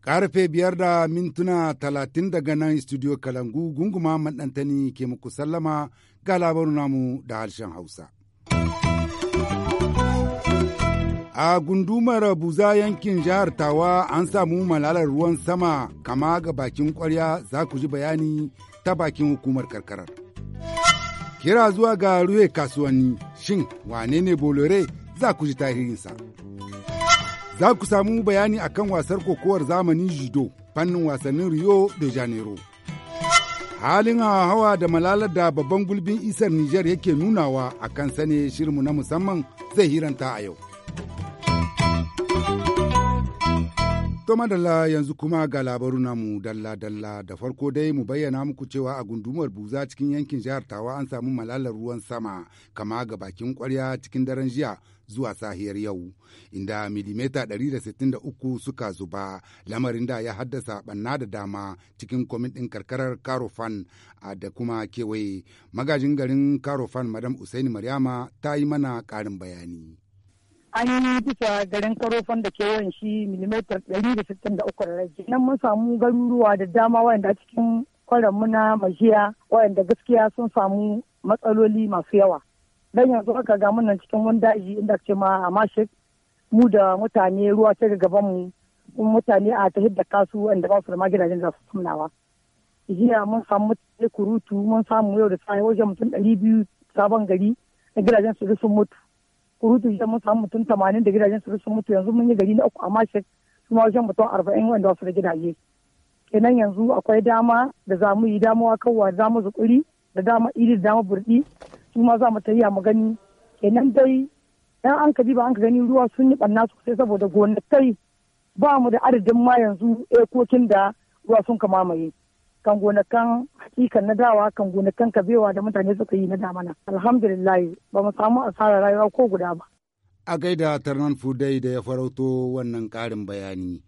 Karfe biyar da mintuna talatin daga nan studio Kalangu gunguma maɗantani ke muku sallama ga labarin namu da harshen Hausa. A gundumar Buza yankin jihar Tawa an samu malalar ruwan sama kama ga bakin kwarya za ku ji bayani ta bakin hukumar karkarar. Kira zuwa ga ruwe kasuwanni shin wane ne bolore za ku ji tarihinsa. Za ku samu bayani a kan wasar kokowar zamani judo fannin wasannin Rio de Janeiro. Halin hawa da malalar da babban gulbin isar Nijar yake nunawa a kan sane shirinmu na musamman zai hiranta a yau. To madalla yanzu kuma ga labaru namu dalla-dalla da farko dai mu bayyana muku cewa a gundumar buza cikin yankin jihar tawa an samu malalar ruwan sama kama ga bakin kwarya cikin daren jiya zuwa sahiyar yau inda milimeta 163 suka zuba lamarin da ya haddasa banna da dama cikin kwamitin ɗin karkarar karofan da kuma kewaye magajin garin karofan madam usaini maryama ta yi mana ƙarin bayani. an yi bisa garin karofan da kewayen shi milimetar ɗari da rage nan mun samu garuruwa da dama wayanda cikin kwarar muna majiya wayanda gaskiya sun samu matsaloli masu yawa don yanzu haka ga nan cikin wani daji inda ce ma a mashe mu da mutane ruwa ce gaban mu mutane a ta hidda kasu wanda ba su da magidajen da su tunawa jiya mun samu mutane kurutu mun samu yau da safe wajen mutum ɗari biyu sabon gari na gidajen su sun mutu kurutu da mun samu mutum tamanin da gidajen su sun mutu yanzu mun yi gari na uku amma shi ma wajen mutum arba'in wanda wasu da gidaje kenan yanzu akwai dama da za mu yi damawa kawai za mu zukuri da dama iri da dama burɗi su ma za mu tafiya mu gani kenan dai dan an ka ba an ka gani ruwa sun yi ɓanna sosai saboda gonakai ba mu da adadin ma yanzu ekokin da ruwa sun ka mamaye kan gonakan hakikan na dawa kan gonakan kabewa da mutane suka yi na damana alhamdulillah ba mu samu asarar rayuwa ko guda ba a gaida tarnan fudai da ya farauto wannan karin bayani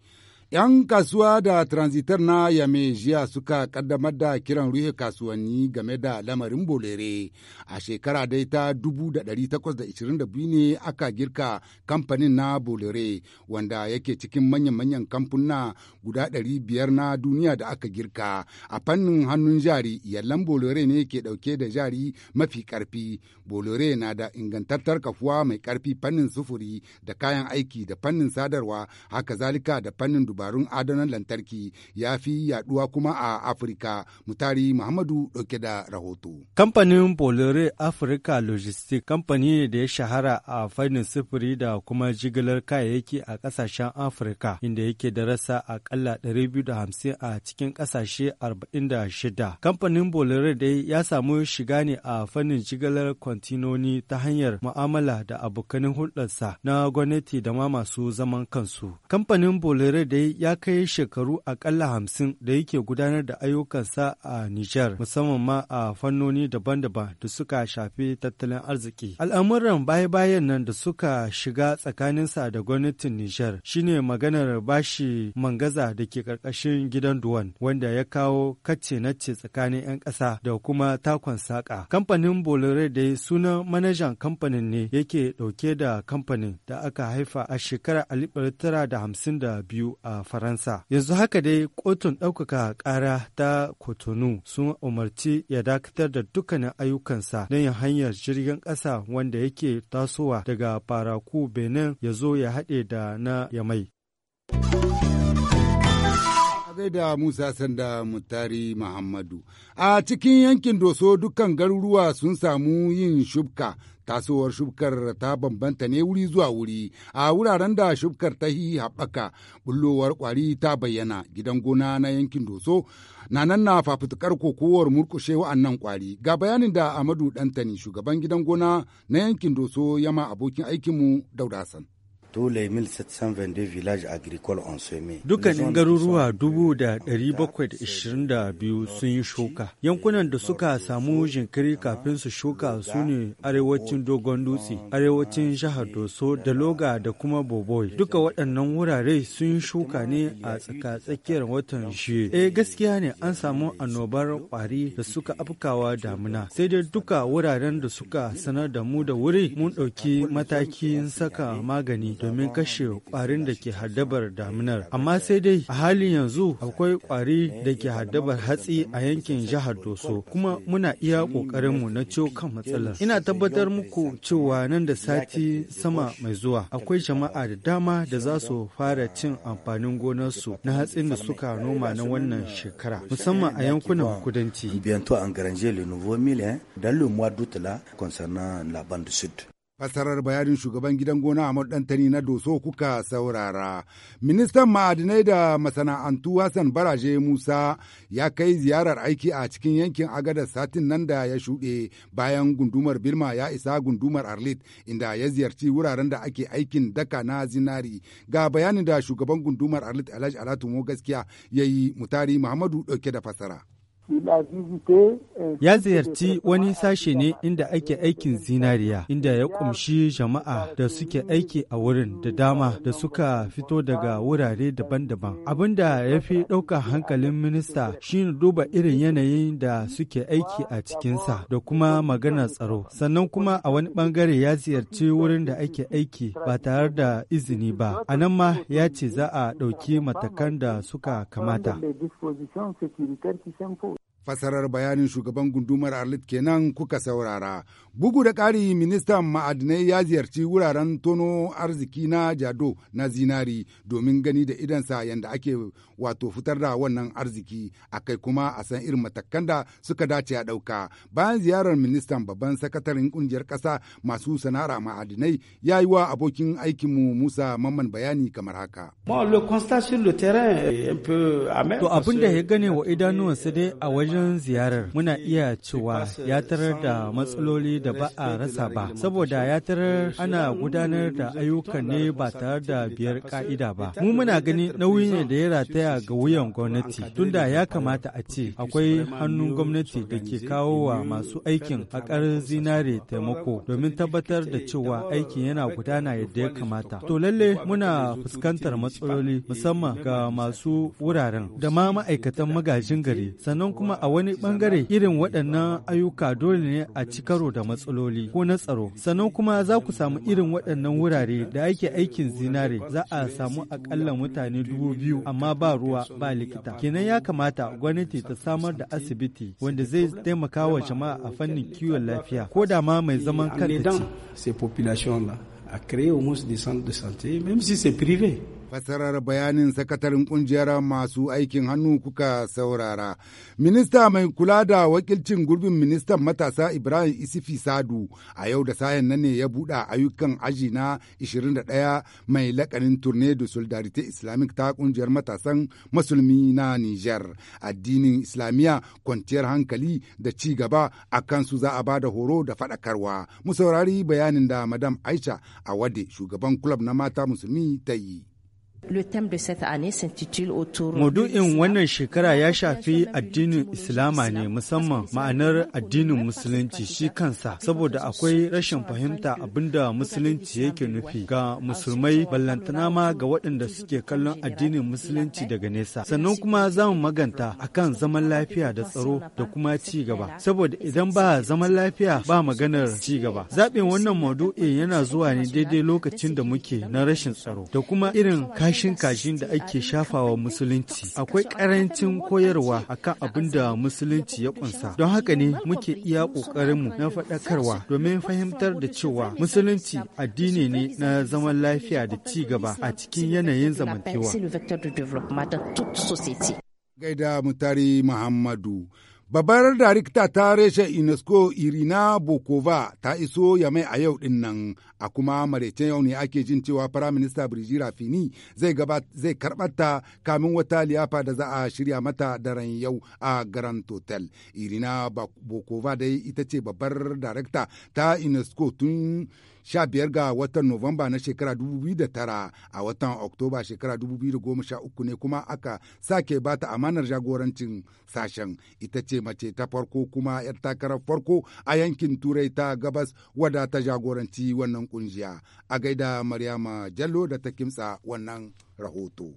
'Yan kasuwa da transitar na Yame jiya suka kaddamar da kiran ruhe kasuwanni game da lamarin bolere. A shekara dai ta 1822 ne aka girka kamfanin na bolere wanda yake cikin manyan-manyan kamfuna guda 500 na duniya da aka girka. A fannin hannun jari, yallan bolere ne ke dauke da jari mafi karfi. Bolere na da ingantattar kafuwa mai karfi fannin sufuri da kayan aiki da fannin sadarwa, haka zalika da fannin duba dabarun adanan lantarki ya fi yaduwa kuma a Afirka. Mutari Muhammadu ɗauke da rahoto. Kamfanin Polore Africa Logistics kamfani ne da ya shahara a fannin sufuri da kuma jigilar kayayyaki a ƙasashen Afirka inda yake da rasa akalla 250 a cikin ƙasashe 46. Kamfanin Polore dai ya samu shiga ne a fannin jigilar kwantinoni ta hanyar mu'amala da abokanin hulɗarsa na gwamnati da ma masu zaman kansu. Kamfanin Polore dai dai ya kai shekaru akalla hamsin da yake gudanar da ayyukansa a Nijar, musamman ma a fannoni daban-daban da suka shafi tattalin arziki. Al'amuran baya-bayan nan da suka shiga tsakaninsa da gwamnatin Nijar shine maganar bashi mangaza da ke ƙarƙashin gidan Duwan, wanda ya kawo kacce nace tsakanin 'yan ƙasa da kuma takon saƙa. Kamfanin Bolore dai sunan manajan kamfanin ne yake ɗauke da kamfanin da aka haifa a shekarar 1952 a Faransa. Yanzu haka dai kotun ɗaukaka ƙara ta Kotonu sun umarci ya dakatar da dukkanin ayyukansa don yin hanyar jirgin ƙasa wanda yake tasowa daga Faraku Benin ya zo ya haɗe da na Yamai. da Musa Sanda Mutari Muhammadu. A cikin yankin Doso dukkan garuruwa sun samu yin shubka. Tasowar shubkar ta bambanta ne wuri zuwa wuri, a wuraren da shubkar ta yi haɓaka, bullowar kwari ta bayyana gidan gona na yankin Doso, na nan na fafutukar kokowar murkushe wa'annan kwari Ga bayanin da Amadu Ɗantani, shugaban gidan gona na yankin Doso, yama abokin aikinmu Daudasan. Dukkanin garuruwa biyu sun yi shuka. Yankunan da suka samu jinkiri kafin su shuka su ne arewacin Dogon Dutse, arewacin jihar Doso da Loga da kuma Boboi. Duka waɗannan wurare sun yi shuka ne a tsaka-tsakiyar watan Shiye. Eh gaskiya ne an samu annobar ƙwari da suka afkawa damuna. Sai dai duka wuraren da suka sanar da mu da wuri mun ɗauki matakin saka magani domin kashe kwarin da ke haddabar daminar. Amma sai dai a halin yanzu akwai kwari da ke haddabar hatsi a yankin jihar Doso kuma muna iya mu na ciwo kan matsalar. Ina tabbatar muku cewa nan da sati sama mai zuwa akwai jama'a da dama da za su fara cin amfanin gonarsu na hatsin da suka noma na wannan shekara musamman a yankunan kudanci. Bientôt en granger le nouveau mille dans le mois d'août là concernant la bande sud. fasarar bayanin shugaban gidan gona a Dantani na Doso kuka saurara. Ministan ma'adinai da masana'antu Hassan Baraje Musa ya kai ziyarar aiki a cikin yankin Agadar satin nan da ya shuɗe bayan gundumar Birma ya isa gundumar Arlit inda ya ziyarci wuraren da ake aikin daka na zinari. Ga bayanin da shugaban gundumar Arlit Alhaji Alatu gaskiya ya yi mutari Muhammadu ɗauke da fasara. Ya ziyarci wani sashe ne inda ake aikin zinariya, inda ya kumshi jama'a da suke aiki a wurin da dama da suka fito daga wurare daban-daban. Abin da ya fi ɗaukar hankalin minista shine duba irin yanayin da suke aiki a cikinsa da kuma magana tsaro. Sannan kuma a wani bangare ya ziyarci wurin da ake aiki ba tare da izini ba. A nan ma ya ce za a ɗauki matakan da suka kamata. fasarar bayanin shugaban gundumar arlit kenan kuka saurara bugu da ƙari ministan ma'adinai ya ziyarci wuraren tono arziki na jado na zinari domin gani da idansa yadda ake wato fitar da wannan arziki akai kuma a san irin matakan da suka dace a ɗauka bayan ziyarar ministan babban sakataren ƙungiyar ƙasa masu sana'ar ma'adinai ya yi wa abokin aikinmu musa mamman bayani kamar haka. abin da ya gane wa idanuwansa dai a waje wajen ziyarar muna iya cewa ya tarar da matsaloli da ba a rasa ba saboda ya tarar ana gudanar da ayyukan ne ba tare da biyar ka'ida ba mu muna gani nauyi ne da ya rataya ga wuyan gwamnati tunda ya kamata a ce akwai hannun gwamnati da ke kawo wa masu aikin haƙar zinare taimako domin tabbatar da cewa aikin yana gudana yadda ya kamata to lalle muna fuskantar matsaloli musamman ga masu wuraren da ma ma'aikatan magajin gari sannan kuma a wani bangare irin waɗannan ayyuka dole ne a ci karo da matsaloli ko na tsaro sannan kuma za ku samu irin waɗannan wurare da ake aikin zinare za a samu akalla mutane dubu biyu amma ba ruwa ba likita kenan ya kamata gwamnati ta samar da asibiti wanda zai taimaka wa jama'a a fannin kiwon lafiya ko da ma mai zaman kanta ce. population là créer au moins des centres de santé, même si c'est privé. fasarar bayanin sakataren kungiyar masu aikin hannu kuka saurara. Minista mai kula da wakilcin gurbin ministan matasa Ibrahim Isifi Sadu a yau da sayan nan ne ya buɗe ayyukan aji na 21 mai lakanin turne da Solidarity Islamic ta kungiyar matasan musulmi na Nijar. Addinin Islamiyya kwanciyar hankali da ci gaba a kansu za a ba da horo da faɗakarwa. Mu saurari bayanin da Madam Aisha a wade shugaban kulab na mata musulmi ta yi. Maudu'in wannan shekara ya shafi addinin Islama ne musamman ma'anar addinin Musulunci shi kansa saboda akwai rashin fahimta abinda Musulunci yake nufi ga Musulmai ballantana ma ga waɗanda suke kallon addinin Musulunci daga nesa. Sannan kuma za mu maganta akan zaman lafiya da tsaro da kuma ci gaba saboda idan ba zaman lafiya ba maganar ci gaba. Zaɓin wannan maudu'i yana zuwa ne daidai lokacin da muke na rashin tsaro da kuma irin kashi kashin kashin da ake shafawa musulunci akwai karancin koyarwa akan abin da musulunci ya kunsa don haka ne muke iya ƙoƙarinmu na faɗakarwa domin fahimtar da cewa musulunci addini ne na zaman lafiya da ci gaba a cikin yanayin zamantakewa gaida mutari muhammadu Babbar darikta ta reshen UNESCO Irina Bokova ta iso ya mai a yau din nan, a kuma maraicen yau ne ake jin cewa Firaminista Birji Rafini zai zai karɓarta kamin wata liyafa da za a shirya mata daren yau a Grand Hotel. Irina Bokova dai ita ce babbar darakta ta UNESCO tun sha biyar ga watan Nuwamba na shekara 2009 a watan Oktoba shekara 2013 ne kuma aka sake ba ta amanar jagorancin sashen ita ce mace ta farko kuma 'yar takarar farko a yankin Turai ta gabas wadda ta jagoranci wannan kungiya a gaida Maryama Jallo da ta kimsa wannan rahoto.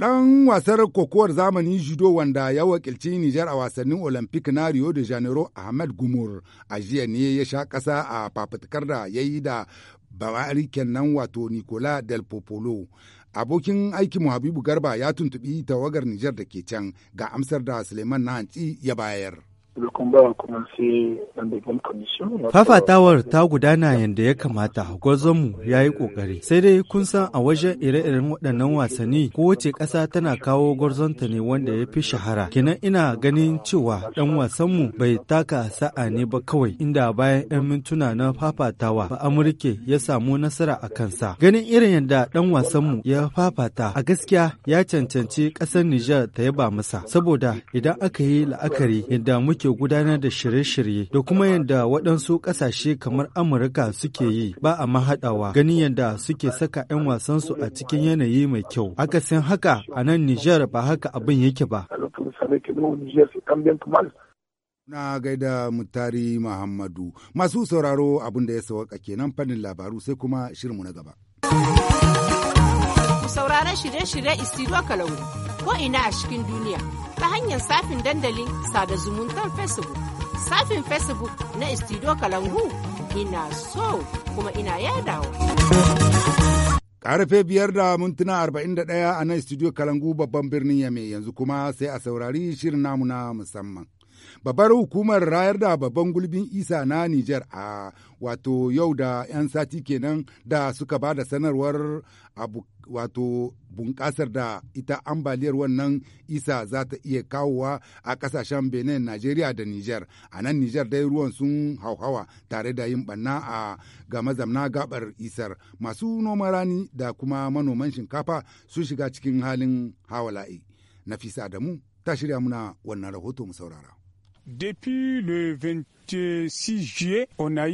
Ɗan wasar kokowar zamani judo wanda ya wakilci Nijar a wasannin Olympic na Rio de Janeiro Ahmed Gumur a jiya ne ya sha ƙasa a fafutukar da ya yi da Bawari kenan wato Nicola Del Popolo. Abokin aikinmu Habibu Garba ya tuntuɓi tawagar Nijar da ke can ga amsar da Suleiman Nahanci ya bayar. Fafatawar ta gudana yadda ya kamata, gwazonmu ya yi ƙoƙari. Sai dai kun san a wajen ire-iren waɗannan wasanni kowace ƙasa tana kawo gwarzonta ne wanda ya fi shahara. Kenan ina ganin cewa ɗan wasanmu bai taka sa'a ne ba kawai inda bayan 'yan mintuna na fafatawa ba Amurke ya samu nasara a kansa. Ganin irin yadda ɗan wasanmu ya fafata a gaskiya ya cancanci ƙasar Nijar ta yaba masa. Saboda idan aka yi la'akari yadda muke ke gudanar da shirye-shirye da kuma yadda waɗansu ƙasashe kamar Amurka suke yi ba a mahaɗawa ganin yadda suke saka 'yan wasansu a cikin yanayi mai kyau. Akasin haka a nan Nijar ba haka abin yake ba. Na gaida Mutari Muhammadu. Masu sauraro abin da ya sawaka kenan fannin labaru sai kuma shirin mu na gaba. Sauraron shirye-shirye Isiro Kalangu ko'ina a cikin duniya ta hanyar safin dandalin sada zumuntar Facebook. Safin Facebook na Istido Kalangu ina so kuma ina yadawa. Karfe biyar da mintuna arba'in da ɗaya a nan Studio Kalangu babban birnin Yame yanzu kuma sai a saurari shirin namu na musamman. babbar hukumar rayar da babban gulbin isa na Nijar a wato yau da 'yan sati kenan da suka ba da sanarwar abu wato bunƙasar da ita ambaliyar wannan isa za ta iya kawowa a ƙasashen benin najeriya da niger a nan niger dai ruwan sun hauhawa tare da yin ɓanna a ga mazamna gabar isar masu noman rani da kuma manoman shinkafa sun shiga cikin halin hawala'i nafisa mu ta shirya muna wannan rahoto mu saurara. Depuis le 26 euh, juillet, on a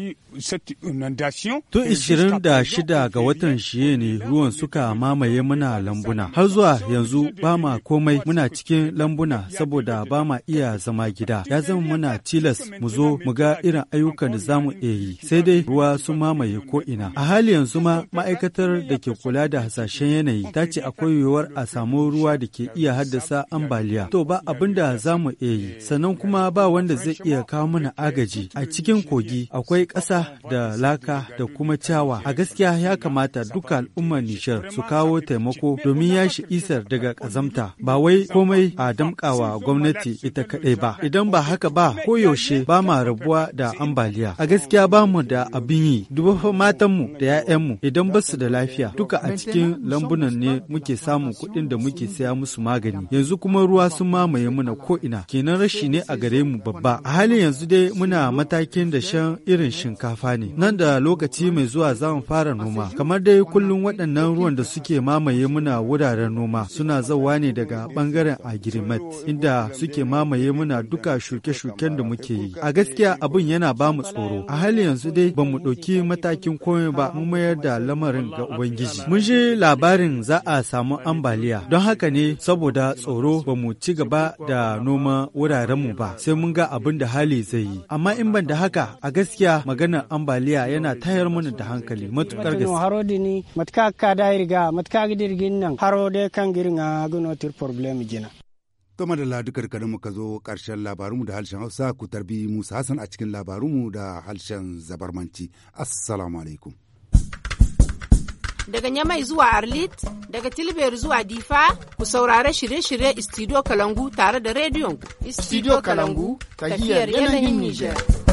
Tun 26 ga watan shiye ne ruwan suka mamaye muna lambuna. Har zuwa yanzu ba ma komai muna cikin lambuna saboda ba ma iya zama gida. Ya zama muna tilas mu zo mu ga irin ayyukan da za mu yi. Sai dai ruwa sun mamaye ko'ina. A hali yanzu ma ma'aikatar da ke kula da hasashen yanayi ta ce akwai yiwuwar a samu ruwa da ke iya haddasa ambaliya. To ba abin da za mu iya yi. Sannan kuma ba wanda zai iya kawo mana agaji agaji a cikin kogi akwai ƙasa da laka da kuma ciyawa a gaskiya ya kamata duka al'ummar nishar su kawo taimako domin ya shi isar daga ƙazamta ba wai komai a damƙawa gwamnati ita kaɗai ba idan ba haka ba koyaushe ba ma rabuwa da ambaliya a gaskiya ba mu da abin yi dubafa matanmu da 'ya'yanmu idan ba su da lafiya duka a cikin lambunan ne muke samun kuɗin da muke saya musu magani yanzu kuma ruwa sun mamaye mana ko'ina kenan rashi ne a gare mu babba a halin yanzu dai muna ina matakin da shan irin shinkafa ne. Nan da lokaci mai zuwa za mu fara noma. Kamar dai kullum waɗannan ruwan da suke mamaye muna wuraren noma suna zauwa ne daga ɓangaren agirimet inda suke mamaye muna duka shuke-shuken da muke yi. A gaskiya abin yana ba mu tsoro. A hali yanzu dai ba mu ɗauki matakin komai ba mu mayar da lamarin ga Ubangiji. Mun ji labarin za a samu ambaliya don haka ne saboda tsoro ba mu ci gaba da noma mu ba sai mun ga abin da hali zai yi. Amma amma in ban da haka a gaskiya maganar ambaliya yana tayar mana da hankali matukar haro da ni matka ka da riga matka gidirgin nan harode kan girin a gunotir problem jina Gama da ladukar karin muka zo labarun labarunmu da harshen Hausa ku tarbi Musa Hassan a cikin labarunmu da harshen zabarmanci. Assalamu alaikum. daga Nyamai zuwa Arlit, daga Tilber zuwa Difa, ku saurare shirye-shirye studio Kalangu tare da rediyon studio Kalangu, tahiyar yanayin Nijar.